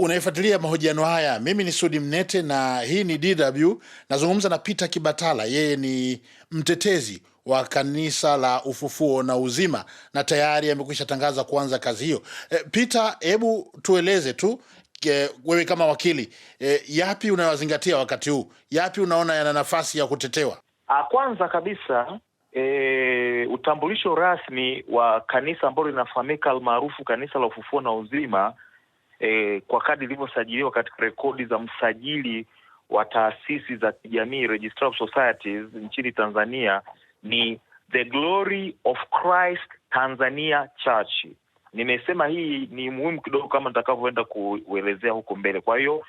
Unayefuatilia mahojiano haya, mimi ni Sudi Mnete na hii ni DW. Nazungumza na Peter Kibatala, yeye ni mtetezi wa kanisa la Ufufuo na Uzima na tayari amekwisha tangaza kuanza kazi hiyo. E, Peter, hebu tueleze tu e, wewe kama wakili e, yapi unayozingatia wakati huu, yapi unaona yana nafasi ya kutetewa? Ah, kwanza kabisa e, utambulisho rasmi wa kanisa ambalo linafahamika almaarufu kanisa la Ufufuo na Uzima e, kwa kadi ilivyosajiliwa katika rekodi za msajili wa taasisi za kijamii Registrar of Societies nchini Tanzania ni The Glory of Christ Tanzania Church. Nimesema hii ni muhimu kidogo, kama nitakavyoenda kuelezea huko mbele. Kwa hiyo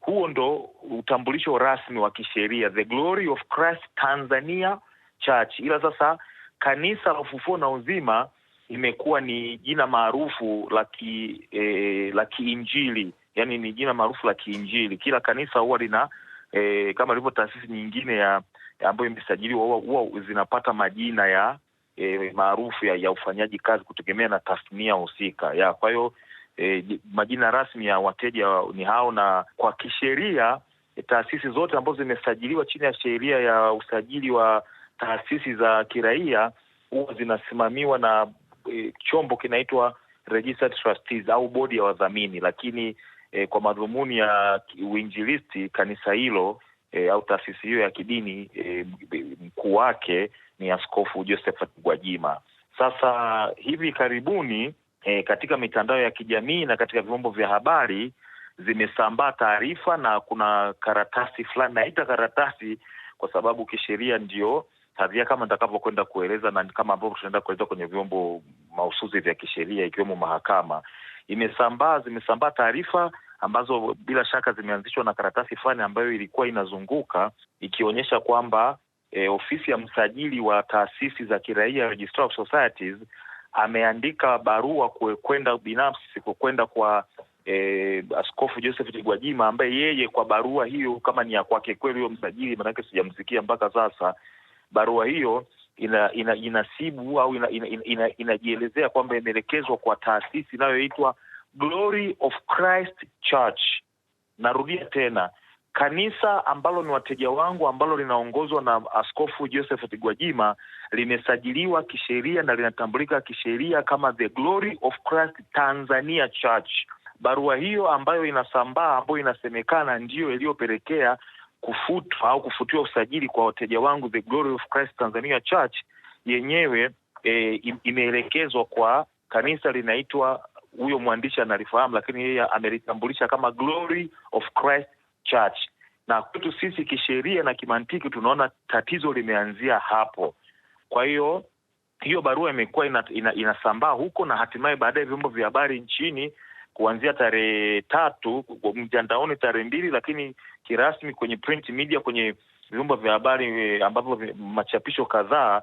huo ndo utambulisho rasmi wa kisheria The Glory of Christ Tanzania Church, ila sasa kanisa la ufufuo na uzima imekuwa ni jina maarufu la ki e, la kiinjili, yani ni jina maarufu la kiinjili. Kila kanisa huwa lina e, kama ilivyo taasisi nyingine ya ambayo imesajiliwa huwa zinapata majina ya e, maarufu ya, ya ufanyaji kazi kutegemea na tasnia husika ya. Kwa hiyo e, majina rasmi ya wateja ni hao, na kwa kisheria e, taasisi zote ambazo zimesajiliwa chini ya sheria ya usajili wa taasisi za kiraia huwa zinasimamiwa na e, chombo kinaitwa registered trustees au bodi ya wadhamini, lakini e, kwa madhumuni ya uinjilisti kanisa hilo e, au taasisi hiyo ya kidini e, mkuu wake ni Askofu Josephat Gwajima. Sasa hivi karibuni e, katika mitandao ya kijamii na katika vyombo vya habari zimesambaa taarifa na kuna karatasi fulani, naita karatasi kwa sababu kisheria ndio tabia kama nitakavyokwenda kueleza na kama ambavyo tunaenda kueleza kwenye vyombo mahususi vya kisheria ikiwemo mahakama, imesambaa zimesambaa taarifa ambazo bila shaka zimeanzishwa na karatasi fulani ambayo ilikuwa inazunguka ikionyesha kwamba e, ofisi ya msajili wa taasisi za kiraia Registrar of Societies ameandika barua kwenda binafsi kwenda kwa E, Askofu Joseph Tigwajima ambaye yeye kwa barua hiyo kama ni ya kwake kweli huyo msajili, maanake sijamsikia mpaka sasa, barua hiyo ina, ina, inasibu au inajielezea ina, ina, ina kwamba imeelekezwa kwa taasisi inayoitwa Glory of Christ Church. Narudia tena, kanisa ambalo ni wateja wangu ambalo linaongozwa na Askofu Josephat Gwajima limesajiliwa kisheria na linatambulika kisheria kama The Glory of Christ Tanzania Church. Barua hiyo ambayo inasambaa ambayo inasemekana ndiyo iliyopelekea kufutwa au kufutiwa usajili kwa wateja wangu The Glory of Christ Tanzania Church yenyewe e, imeelekezwa kwa kanisa linaitwa, huyo mwandishi analifahamu, lakini yeye amelitambulisha kama Glory of Christ Church, na kwetu sisi kisheria na kimantiki tunaona tatizo limeanzia hapo. Kwa hiyo hiyo barua imekuwa ina, ina, inasambaa huko na hatimaye baadaye vyombo vya habari nchini kuanzia tarehe tatu mtandaoni tarehe mbili, lakini kirasmi kwenye print media, kwenye vyumba vya habari eh, ambavyo machapisho kadhaa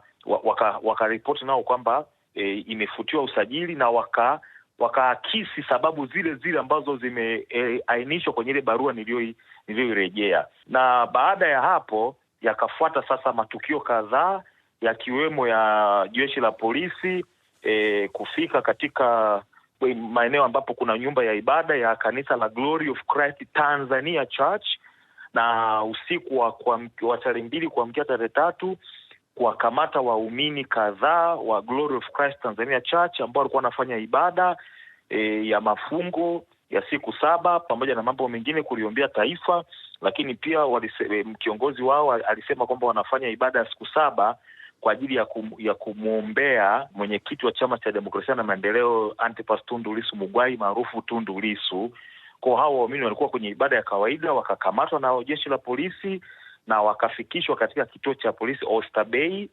wakaripoti waka nao kwamba e, imefutiwa usajili na waka wakaakisi sababu zile zile ambazo zimeainishwa eh, e, kwenye ile barua niliyoirejea, na baada ya hapo yakafuata sasa matukio kadhaa yakiwemo ya jeshi la polisi e, kufika katika maeneo ambapo kuna nyumba ya ibada ya kanisa la Glory of Christ Tanzania Church, na usiku wa, wa tarehe mbili kuamkia tarehe tatu kuwakamata waumini kadhaa wa Glory of Christ Tanzania Church ambao walikuwa wanafanya ibada e, ya mafungo ya siku saba pamoja na mambo mengine kuliombea taifa, lakini pia walise, e, kiongozi wao alisema kwamba wanafanya ibada ya siku saba kwa ajili ya, kum, ya kumwombea mwenyekiti wa chama cha demokrasia na maendeleo Antipas Tundu Lisu Mugwai maarufu Tundu Lisu. Kwa hao waumini walikuwa kwenye ibada ya kawaida wakakamatwa na jeshi la polisi na wakafikishwa katika kituo cha polisi Oysterbay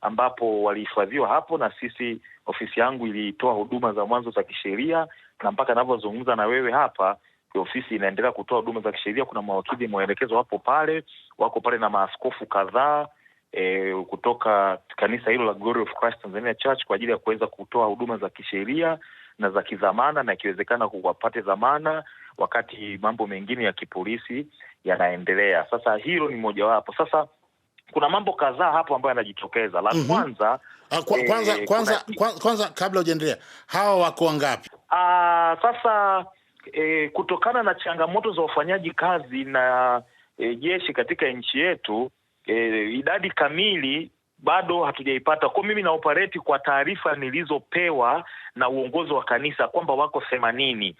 ambapo walihifadhiwa hapo, na sisi ofisi yangu ilitoa huduma za mwanzo za kisheria, na mpaka anavyozungumza na wewe hapa ofisi inaendelea kutoa huduma za kisheria. Kuna mawakili mwelekezo wapo pale, wako pale na maaskofu kadhaa e, kutoka kanisa hilo la Glory of Christ Tanzania Church kwa ajili ya kuweza kutoa huduma za kisheria na za kidhamana na ikiwezekana kuwapate dhamana wakati mambo mengine ya kipolisi yanaendelea. Sasa hilo ni mojawapo. Sasa kuna mambo kadhaa hapo ambayo yanajitokeza. La mhm. kwanza kwanza ah, kwanza, e, kwanza, kuna... kwanza kabla hujaendelea, hawa wako wangapi? Ah, sasa e, kutokana na changamoto za ufanyaji kazi na e, jeshi katika nchi yetu e, idadi kamili bado hatujaipata. Kwa mimi na kwa taarifa nilizopewa na uongozi wa kanisa kwamba wako themanini.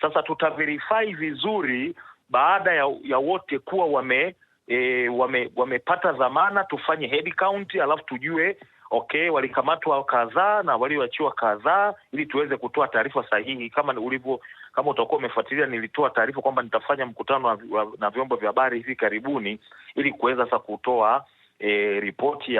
Sasa tutaverify vizuri baada ya, ya wote kuwa wame e, wame wamepata dhamana, tufanye head count, alafu tujue okay, walikamatwa kadhaa na walioachiwa kadhaa, ili tuweze kutoa taarifa sahihi kama ulivyo kama utakuwa umefuatilia, nilitoa taarifa kwamba nitafanya mkutano na vyombo vya habari hivi karibuni ili kuweza sasa kutoa E, ripoti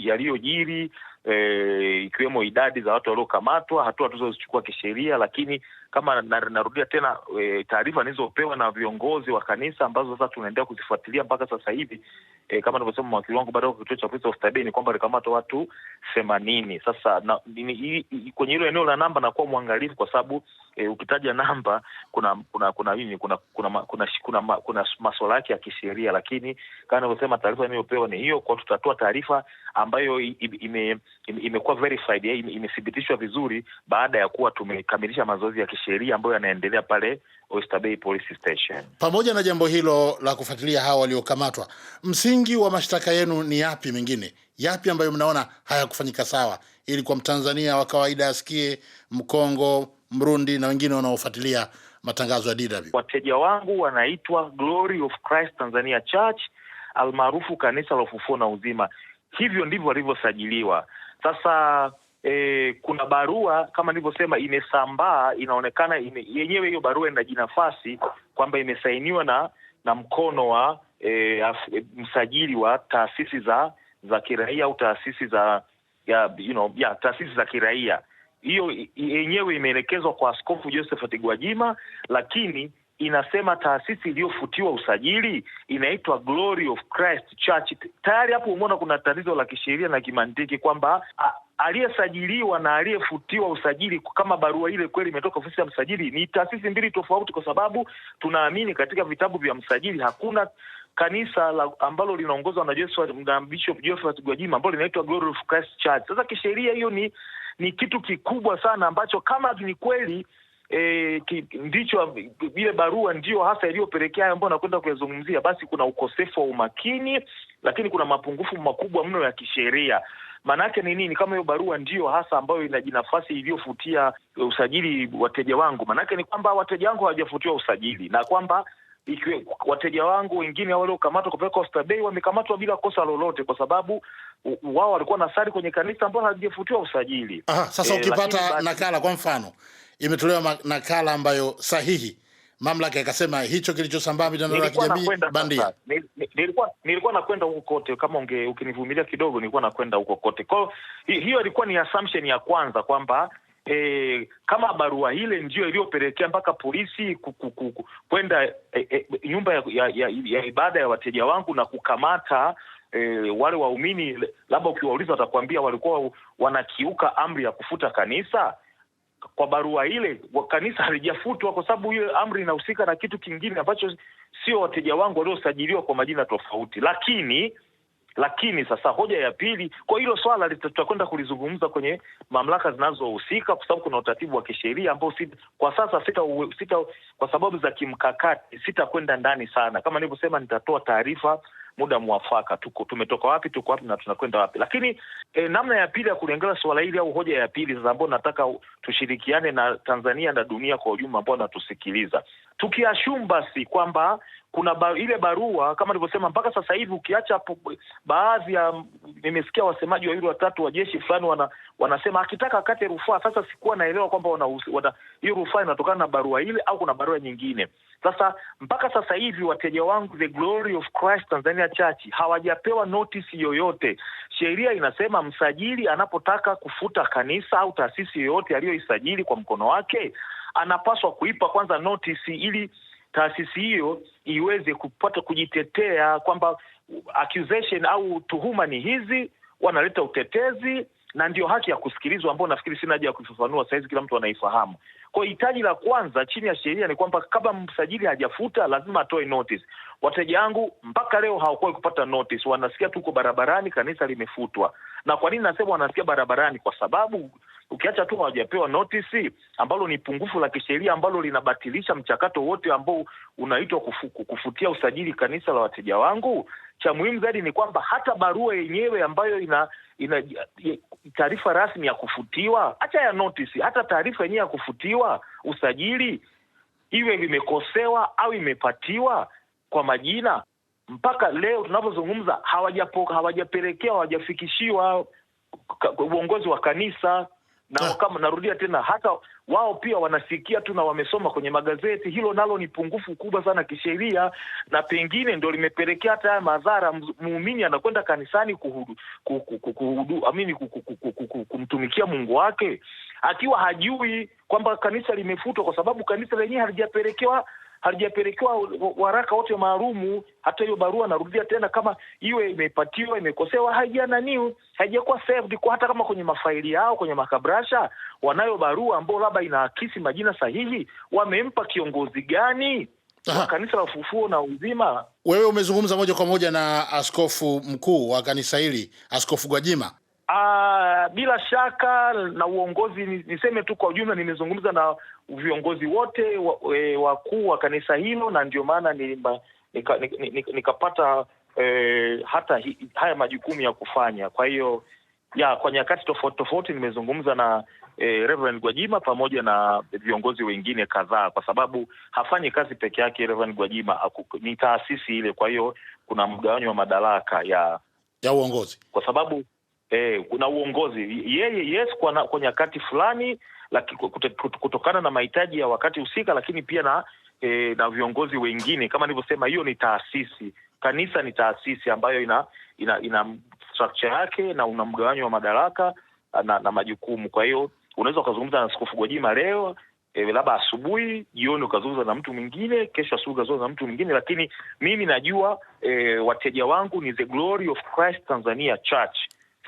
yaliyojiri e, ikiwemo idadi za watu waliokamatwa, hatua tulizozichukua kisheria. Lakini kama narudia tena e, taarifa nilizopewa na viongozi wa kanisa ambazo sasa tunaendelea kuzifuatilia mpaka sasa hivi e, kama nilivyosema, mwakili wangu baada ya kituo cha polisi cha Oysterbay ni kwamba alikamata watu themanini. Sasa na, ni, ni, i, kwenye hilo eneo la namba nakuwa mwangalifu kwa sababu e, ukitaja namba kuna kuna kuna nini kuna kuna kuna, kuna, kuna, kuna, kuna masuala yake ya kisheria, lakini kama nilivyosema, taarifa niliyopewa ni hiyo, kwa tutatoa taarifa ambayo ime, ime imekuwa verified, eh, imethibitishwa vizuri baada ya kuwa tumekamilisha mazoezi ya kisheria ambayo yanaendelea pale Oyster Bay Police Station. Pamoja na jambo hilo la kufuatilia hawa waliokamatwa, msingi wa mashtaka yenu ni yapi mengine? Yapi ambayo mnaona hayakufanyika sawa, ili kwa Mtanzania wa kawaida asikie, Mkongo, Mrundi na wengine wanaofuatilia matangazo ya DW. Wateja wangu wanaitwa Glory of Christ Tanzania Church almaarufu kanisa la ufufuo na uzima. Hivyo ndivyo walivyosajiliwa. Sasa e, kuna barua kama nilivyosema imesambaa, inaonekana ime, yenyewe hiyo barua ina jinafasi kwamba imesainiwa na na mkono wa e, af, e, msajili wa taasisi za za kiraia au taasisi za ya, you know, ya, taasisi za kiraia hiyo yenyewe imeelekezwa kwa Askofu Josephat Gwajima, lakini inasema taasisi iliyofutiwa usajili inaitwa Glory of Christ Church. Tayari hapo umeona kuna tatizo la kisheria na kimantiki kwamba aliyesajiliwa na aliyefutiwa usajili, kama barua ile kweli imetoka ofisi ya msajili, ni taasisi mbili tofauti, kwa sababu tunaamini katika vitabu vya msajili hakuna kanisa la ambalo linaongozwa na Joshua, na Bishop Josephat Gwajima ambalo linaitwa Glory of Christ Church. Sasa kisheria hiyo ni ni kitu kikubwa sana ambacho kama ni kweli e, ki, ndicho ile barua ndio hasa iliyopelekea hayo ambayo nakwenda kuyazungumzia, basi kuna ukosefu wa umakini, lakini kuna mapungufu makubwa mno ya kisheria. Maana yake ni nini? Kama hiyo barua ndiyo hasa ambayo ina inajinafasi iliyofutia usajili wateja wangu, maana yake ni kwamba wateja wangu hawajafutiwa usajili na kwamba ikiwe wateja wangu wengine waliokamatwa kupeleka Bay wamekamatwa bila kosa lolote, kwa sababu wao walikuwa na sari kwenye kanisa ambalo hawajafutiwa usajili. Aha, sasa e, ukipata e, lakini... nakala kwa mfano imetolewa nakala ambayo sahihi, mamlaka ikasema hicho kilichosambaa mitandao ya kijamii bandia. Nilikuwa nilikuwa nakwenda huko kote, kama unge ukinivumilia kidogo, nilikuwa nakwenda huko kote. kwao hiyo hiyo ilikuwa ni assumption ya kwanza kwamba E, kama barua ile ndio iliyopelekea mpaka polisi kwenda e, e, nyumba ya, ya, ya, ya ibada ya wateja wangu na kukamata e, wale waumini, labda ukiwauliza watakwambia walikuwa wanakiuka amri ya kufuta kanisa kwa barua ile kanisa halijafutwa kwa sababu hiyo amri inahusika na kitu kingine ambacho sio wateja wangu waliosajiliwa kwa majina tofauti. Lakini lakini sasa, hoja ya pili kwa hilo swala tutakwenda kulizungumza kwenye mamlaka zinazohusika, kwa sababu kuna utaratibu wa kisheria ambao kwa sasa sita, sita, kwa sababu za kimkakati sitakwenda ndani sana. Kama nilivyosema, nitatoa taarifa muda mwafaka, tuko tumetoka wapi, tuko wapi na tunakwenda wapi. Lakini eh, namna ya pili ya kulengela suala hili au hoja ya pili sasa, ambao nataka tushirikiane na Tanzania na dunia kwa ujumla ambao anatusikiliza tukiashum basi kwamba kuna ba, ile barua kama nilivyosema, mpaka sasa hivi ukiacha hapo, baadhi ya nimesikia wasemaji wawili watatu wa jeshi fulani wana, wanasema akitaka akate rufaa. Sasa sikuwa naelewa kwamba wana, hiyo rufaa inatokana na barua ile au kuna barua nyingine. Sasa mpaka sasa hivi wateja wangu The Glory of Christ Tanzania Church hawajapewa notice yoyote. Sheria inasema msajili anapotaka kufuta kanisa au taasisi yoyote aliyoisajili kwa mkono wake anapaswa kuipa kwanza notice ili taasisi hiyo iweze kupata kujitetea kwamba accusation au tuhuma ni hizi, wanaleta utetezi na ndio haki ya kusikilizwa, ambao nafikiri sina haja ya kufafanua sahizi, kila mtu anaifahamu. Kwa hitaji la kwanza chini ya sheria ni kwamba kabla msajili hajafuta lazima atoe notice. Wateja wangu mpaka leo hawakuwahi kupata notice, wanasikia tuko barabarani, kanisa limefutwa. Na kwa nini nasema wanasikia barabarani? Kwa sababu ukiacha tu hawajapewa notisi, ambalo ni pungufu la kisheria ambalo linabatilisha mchakato wote ambao unaitwa kufu, kufutia usajili kanisa la wateja wangu. Cha muhimu zaidi ni kwamba hata barua yenyewe ambayo ina, ina taarifa rasmi ya kufutiwa, hacha ya notisi, hata taarifa yenyewe ya kufutiwa usajili iwe imekosewa au imepatiwa kwa majina mpaka leo tunavyozungumza hawajapelekewa, hawajafikishiwa uongozi wa kanisa na ah. Kama narudia tena, hata wao pia wanasikia tu na wamesoma kwenye magazeti. Hilo nalo ni pungufu kubwa sana kisheria, na pengine ndo limepelekea hata haya madhara. Muumini anakwenda kanisani kuhudu, kuhudu, kuhudu, amini, kumtumikia Mungu wake akiwa hajui kwamba kanisa limefutwa kwa sababu kanisa lenyewe halijapelekewa halijapelekewa waraka wote maalumu. Hata hiyo barua, narudia tena, kama iwe imepatiwa, imekosewa, haija naniu, haijakuwa saved kwa hata kama kwenye mafaili yao, kwenye makabrasha wanayo barua ambao labda inaakisi majina sahihi. Wamempa kiongozi gani Aha. kanisa la ufufuo na uzima? Wewe umezungumza moja kwa moja na askofu mkuu wa kanisa hili, Askofu Gwajima. Aa, ah, bila shaka na uongozi, niseme tu kwa ujumla, nimezungumza na viongozi wote e, wakuu e, wa kanisa hilo, na ndio maana nikapata nika, nika, nika e, hata hi, haya majukumu ya kufanya. Kwa hiyo ya kwa nyakati tofauti tofauti nimezungumza na e, Reverend Gwajima pamoja na viongozi wengine kadhaa, kwa sababu hafanyi kazi peke yake. Reverend Gwajima ni taasisi ile, kwa hiyo kuna mgawanyo wa madaraka ya ya uongozi kwa sababu eh, na uongozi yeye, yes, kwa, kwa nyakati fulani laki, kutokana na mahitaji ya wakati husika, lakini pia na eh, na viongozi wengine. Kama nilivyosema, hiyo ni taasisi. Kanisa ni taasisi ambayo ina ina, ina structure yake na una mgawanyo wa madaraka ah, na, na majukumu. Kwa hiyo unaweza ukazungumza na Askofu Gwajima leo E, labda asubuhi, jioni ukazungumza na mtu mwingine, kesho asubuhi ukazungumza na mtu mwingine, lakini mimi najua e, wateja wangu ni The Glory of Christ Tanzania Church.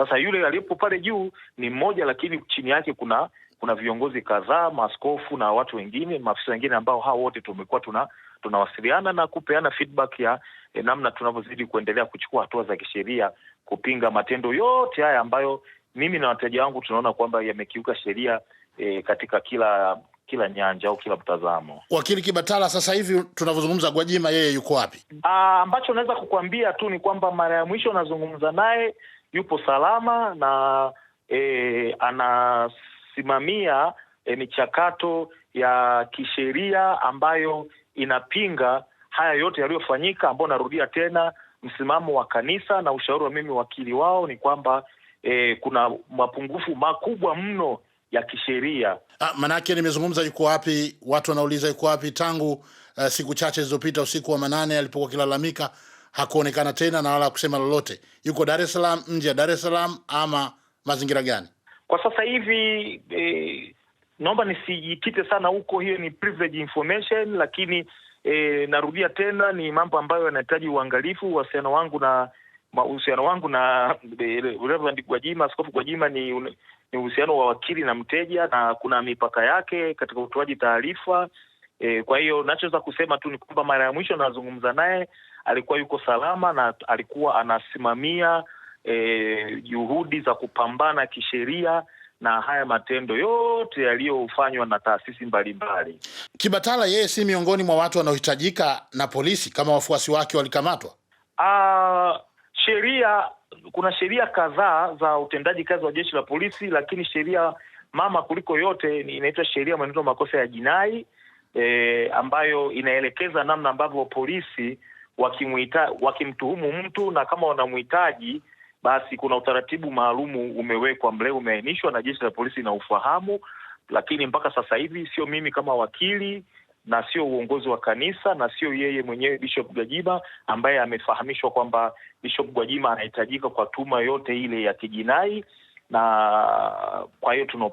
Sasa yule aliyepo pale juu ni mmoja, lakini chini yake kuna kuna viongozi kadhaa, maaskofu na watu wengine, maafisa wengine ambao hao wote tumekuwa tuna tunawasiliana na kupeana feedback ya eh, namna tunavyozidi kuendelea kuchukua hatua za kisheria kupinga matendo yote haya ambayo mimi na wateja wangu tunaona kwamba yamekiuka sheria eh, katika kila kila nyanja au kila mtazamo. Wakili Kibatala, sasa hivi tunavyozungumza, Gwajima yeye yuko wapi? Ah, ambacho naweza kukuambia tu ni kwamba mara ya mwisho nazungumza naye yupo salama na e, anasimamia e, michakato ya kisheria ambayo inapinga haya yote yaliyofanyika, ambayo narudia tena, msimamo wa kanisa na ushauri wa mimi wakili wao ni kwamba e, kuna mapungufu makubwa mno ya kisheria. Ah, manake nimezungumza, yuko wapi? Watu wanauliza yuko wapi tangu uh, siku chache zilizopita, usiku wa manane alipokuwa akilalamika hakuonekana tena na wala kusema lolote. Yuko Dar es Salaam, nje ya Dar es Salaam ama mazingira gani kwa sasa hivi? e, naomba nisijikite sana huko, hiyo ni privilege information, lakini e, narudia tena, ni mambo ambayo yanahitaji uangalifu. Uhusiano wangu na uhusiano wangu na eh, Reverend Gwajima, Askofu Gwajima ni ni uhusiano wa wakili na mteja, na kuna mipaka yake katika utoaji taarifa. e, kwa hiyo nachoweza kusema tu ni kwamba mara ya mwisho nazungumza naye alikuwa yuko salama na alikuwa anasimamia e, juhudi za kupambana kisheria na haya matendo yote yaliyofanywa na taasisi mbalimbali. Kibatala yeye si miongoni mwa watu wanaohitajika na polisi kama wafuasi wake walikamatwa. sheria kuna sheria kadhaa za utendaji kazi wa jeshi la polisi, lakini sheria mama kuliko yote inaitwa sheria mwenendo makosa ya jinai e, ambayo inaelekeza namna ambavyo polisi wakimuita, wakimtuhumu mtu na kama wanamhitaji basi kuna utaratibu maalumu umewekwa mle, umeainishwa na jeshi la polisi na ufahamu. Lakini mpaka sasa hivi sio mimi kama wakili na sio uongozi wa kanisa na sio yeye mwenyewe Bishop Gwajima ambaye amefahamishwa kwamba Bishop Gwajima anahitajika kwa tuma yote ile ya kijinai, na kwa hiyo tuna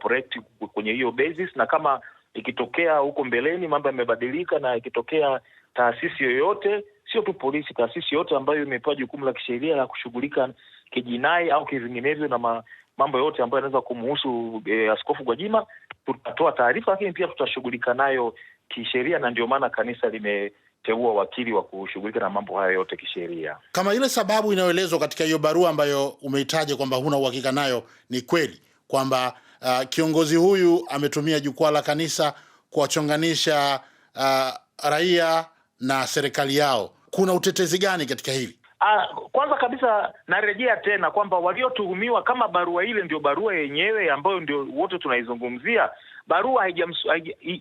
kwenye hiyo basis, na kama ikitokea huko mbeleni mambo yamebadilika na ikitokea taasisi yoyote sio tu polisi, taasisi yote ambayo imepewa jukumu la kisheria la kushughulika kijinai au kivinginevyo na ma, mambo yote ambayo yanaweza kumhusu e, Askofu Gwajima, tutatoa taarifa, lakini pia tutashughulika nayo kisheria, na ndio maana kanisa lime teua wakili wa kushughulika na mambo hayo yote kisheria. Kama ile sababu inayoelezwa katika hiyo barua ambayo umeitaja kwamba huna uhakika nayo ni kweli, kwamba uh, kiongozi huyu ametumia jukwaa la kanisa kuwachonganisha uh, raia na serikali yao, kuna utetezi gani katika hili? Uh, kwanza kabisa narejea tena kwamba waliotuhumiwa, kama barua ile ndio barua yenyewe ambayo ndio wote tunaizungumzia, barua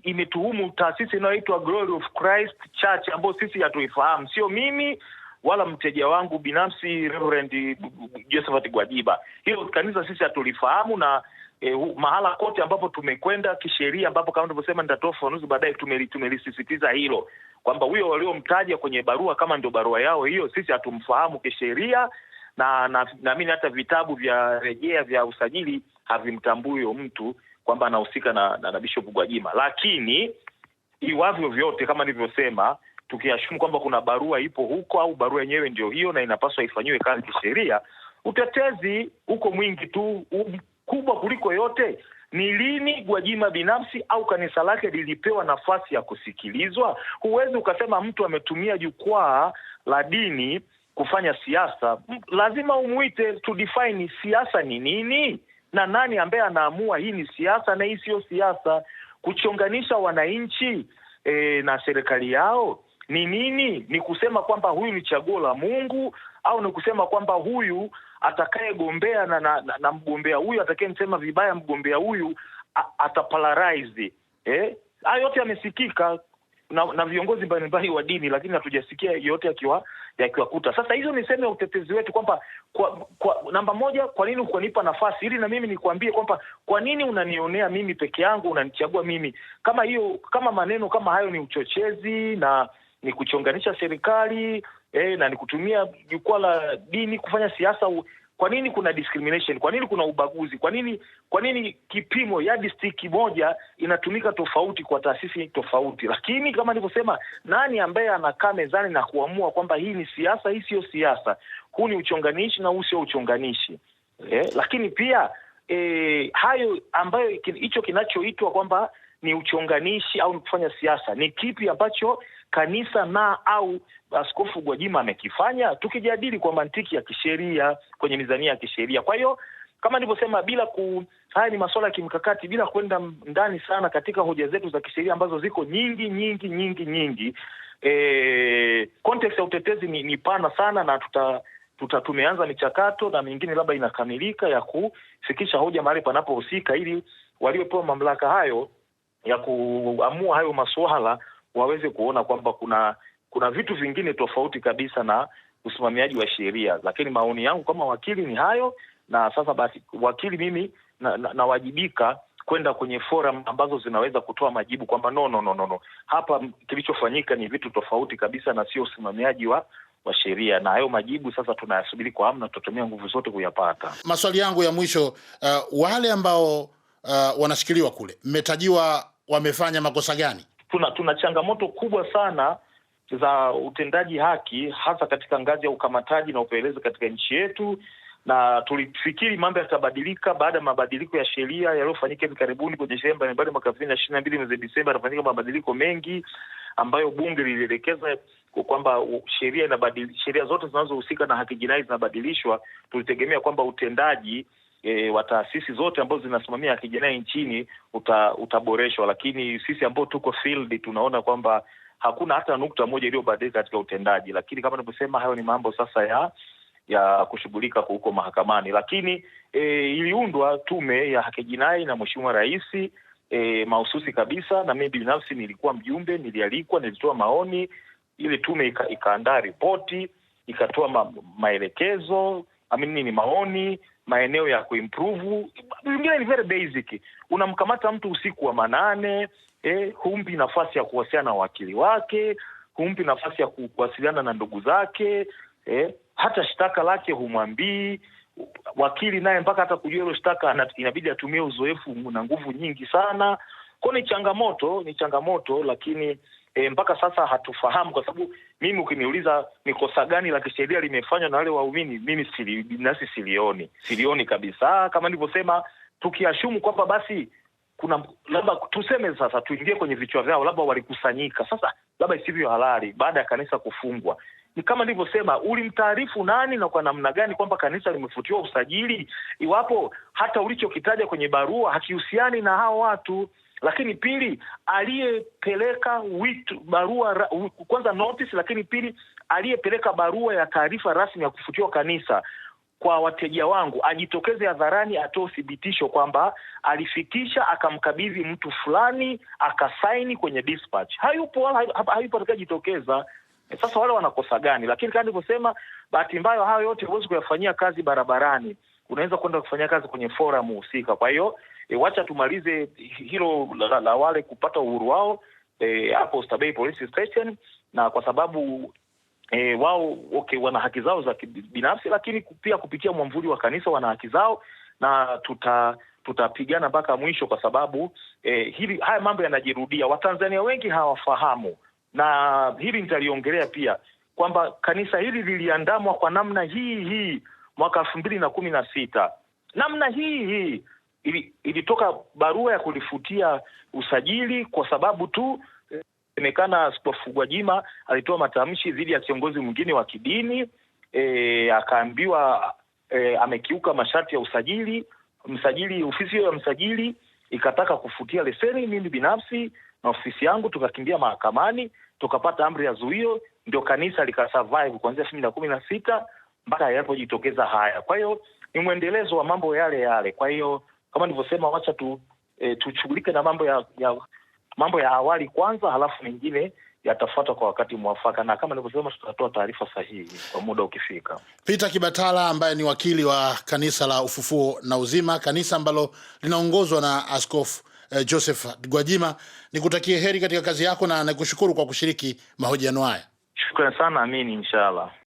imetuhumu taasisi inayoitwa Glory of Christ Church ambayo sisi hatuifahamu, sio mimi wala mteja wangu binafsi Reverend Josephat Gwajiba. Hilo kanisa sisi hatulifahamu na e, mahala kote ambapo tumekwenda kisheria, ambapo kama nilivyosema, nitatoa ufafanuzi baadaye, tumelisisitiza hilo kwamba huyo waliomtaja kwenye barua kama ndio barua yao hiyo, sisi hatumfahamu kisheria, na naamini na hata vitabu vya rejea vya usajili havimtambui huyo mtu kwamba anahusika na, na, na Bishop Gwajima, lakini iwavyo vyote kama nilivyosema tukiashumu kwamba kuna barua ipo huko au barua yenyewe ndio hiyo na inapaswa ifanyiwe kazi kisheria, utetezi uko mwingi tu, kubwa kuliko yote ni lini Gwajima binafsi au kanisa lake lilipewa nafasi ya kusikilizwa? Huwezi ukasema mtu ametumia jukwaa la dini kufanya siasa. Lazima umwite to define siasa ni nini na nani ambaye anaamua hii ni siasa na hii siyo siasa. Kuchonganisha wananchi e, na serikali yao ni nini? Ni kusema kwamba huyu ni chaguo la Mungu au ni kusema kwamba huyu atakayegombea na, na, na, na mgombea huyu atakayemsema vibaya mgombea huyu atapolarize. Eh, haya yote yamesikika na, na viongozi mbalimbali wa dini, lakini hatujasikia yote yakiwa yakiwakuta. Sasa hizo ni sehemu ya utetezi wetu kwamba kwa, kwa namba moja, kwa nini ukunipa nafasi ili na mimi nikwambie kwamba kwa nini unanionea mimi peke yangu, unanichagua mimi? Kama hiyo kama maneno kama hayo ni uchochezi na ni kuchonganisha serikali e, na ni kutumia jukwaa la dini kufanya siasa. Kwa nini kuna discrimination? Kwa nini kuna ubaguzi? Kwa nini kwa nini kipimo ya distriki moja inatumika tofauti kwa taasisi tofauti? Lakini kama nilivyosema, nani ambaye anakaa mezani na kuamua kwamba hii ni siasa, hii siyo siasa, huu ni uchonganishi na huu sio uchonganishi E, Lakini pia e, hayo ambayo hicho kinachoitwa kwamba ni uchonganishi au ni kufanya siasa, ni kipi ambacho kanisa na au Askofu Gwajima amekifanya, tukijadili kwa mantiki ya kisheria kwenye mizania ya kisheria. Kwa hiyo kama nilivyosema, bila ku haya ni masuala ya kimkakati, bila kwenda ndani sana katika hoja zetu za kisheria ambazo ziko nyingi nyingi nyingi nyingi. E, context ya utetezi ni, ni pana sana na tuta tuta tumeanza michakato na mingine labda inakamilika ya kufikisha hoja mahali panapohusika, ili waliopewa mamlaka hayo ya kuamua hayo masuala waweze kuona kwamba kuna kuna vitu vingine tofauti kabisa na usimamiaji wa sheria. Lakini maoni yangu kama wakili ni hayo, na sasa basi wakili mimi nawajibika na, na kwenda kwenye forum ambazo zinaweza kutoa majibu kwamba no, no, no, no, hapa kilichofanyika ni vitu tofauti kabisa na sio usimamiaji wa wa sheria na hayo majibu sasa tunayasubiri kwa amna, tutatumia nguvu zote kuyapata. Maswali yangu ya mwisho, uh, wale ambao uh, wanashikiliwa kule, mmetajiwa wamefanya makosa gani? tuna, tuna changamoto kubwa sana za utendaji haki hasa katika ngazi ya ukamataji na upelelezi katika nchi yetu, na tulifikiri mambo yatabadilika baada ya mabadiliko ya sheria yaliyofanyika hivi karibuni kwenye sheria mbalimbali mwaka elfu mbili na ishirini na mbili mwezi Desemba, yanafanyika mabadiliko mengi ambayo bunge lilielekeza kwamba sheria inabadili sheria zote zinazohusika na haki jinai zinabadilishwa. Tulitegemea kwamba utendaji e, wa taasisi zote ambazo zinasimamia haki jinai nchini uta, utaboreshwa, lakini sisi ambao tuko field tunaona kwamba hakuna hata nukta moja iliyobadilika katika utendaji. Lakini kama nilivyosema, hayo ni mambo sasa ya ya kushughulika huko mahakamani. Lakini e, iliundwa tume ya haki jinai na Mheshimiwa Rais e, mahususi kabisa, na mimi binafsi nilikuwa mjumbe, nilialikwa, nilitoa maoni. Ile tume ikaandaa ika ripoti, ikatoa ma, maelekezo amini ni maoni maeneo ya kuimprove. Vingine ni very basic, unamkamata mtu usiku wa manane eh, humpi nafasi ya kuwasiliana na wakili wake, humpi nafasi ya kuwasiliana na ndugu zake eh, hata shtaka lake humwambii wakili naye mpaka hata kujua hilo shtaka inabidi atumie uzoefu na nguvu nyingi sana. Kwao ni changamoto, ni changamoto, lakini e, mpaka sasa hatufahamu, kwa sababu mimi ukiniuliza ni kosa gani la kisheria limefanywa na wale waumini, mimi sili, nasi silioni, silioni kabisa. Kama nilivyosema, tukiashumu kwamba basi kuna labda tuseme sasa, tuingie kwenye vichwa vyao, labda walikusanyika sasa, labda isivyo halali baada ya kanisa kufungwa. Ni kama nilivyosema, ulimtaarifu nani na kwa namna gani kwamba kanisa limefutiwa usajili, iwapo hata ulichokitaja kwenye barua hakihusiani na hao watu? Lakini pili, aliyepeleka barua kwanza notice, lakini pili, aliyepeleka barua ya taarifa rasmi ya kufutiwa kanisa kwa wateja wangu ajitokeze hadharani atoe uthibitisho kwamba alifikisha akamkabidhi mtu fulani akasaini kwenye dispatch. Hayupo wala hayupo atakayejitokeza. Eh, sasa wale wanakosa gani? Lakini kama nilivyosema, bahati mbayo hayo yote huwezi kuyafanyia kazi barabarani, unaweza kwenda kufanyia kazi kwenye forum husika. Kwa hiyo E, wacha tumalize hilo la, la wale kupata uhuru wao e, hapo e, Oysterbay Police Station, na kwa sababu e, wao okay, wana haki zao za binafsi lakini pia kupitia mwamvuli wa kanisa wana haki zao, na tuta tutapigana mpaka mwisho, kwa sababu e, hili haya mambo yanajirudia. Watanzania wengi hawafahamu, na hili nitaliongelea pia kwamba kanisa hili liliandamwa kwa namna hii hii mwaka elfu mbili na kumi na sita namna hii hii ilitoka barua ya kulifutia usajili kwa sababu tu semekana Askofu Gwajima alitoa matamshi dhidi ya kiongozi mwingine wa kidini e, akaambiwa e, amekiuka masharti ya usajili. Msajili, ofisi hiyo ya msajili ikataka kufutia leseni. Mimi binafsi na ofisi yangu tukakimbia mahakamani, tukapata amri ya zuio, ndio kanisa likasurvive kuanzia elfu mbili na kumi na sita mpaka yalipojitokeza haya. Kwa hiyo ni mwendelezo wa mambo yale yale, kwa hiyo kama nilivyosema, wacha tu e, eh, tushughulike na mambo ya, ya mambo ya awali kwanza, halafu mengine yatafuata kwa wakati mwafaka, na kama nilivyosema, tutatoa taarifa sahihi kwa muda ukifika. Peter Kibatala ambaye ni wakili wa kanisa la Ufufuo na Uzima, kanisa ambalo linaongozwa na Askofu eh, Joseph Gwajima, nikutakie heri katika kazi yako na nakushukuru kwa kushiriki mahojiano haya. Shukrani sana. Amini, inshallah.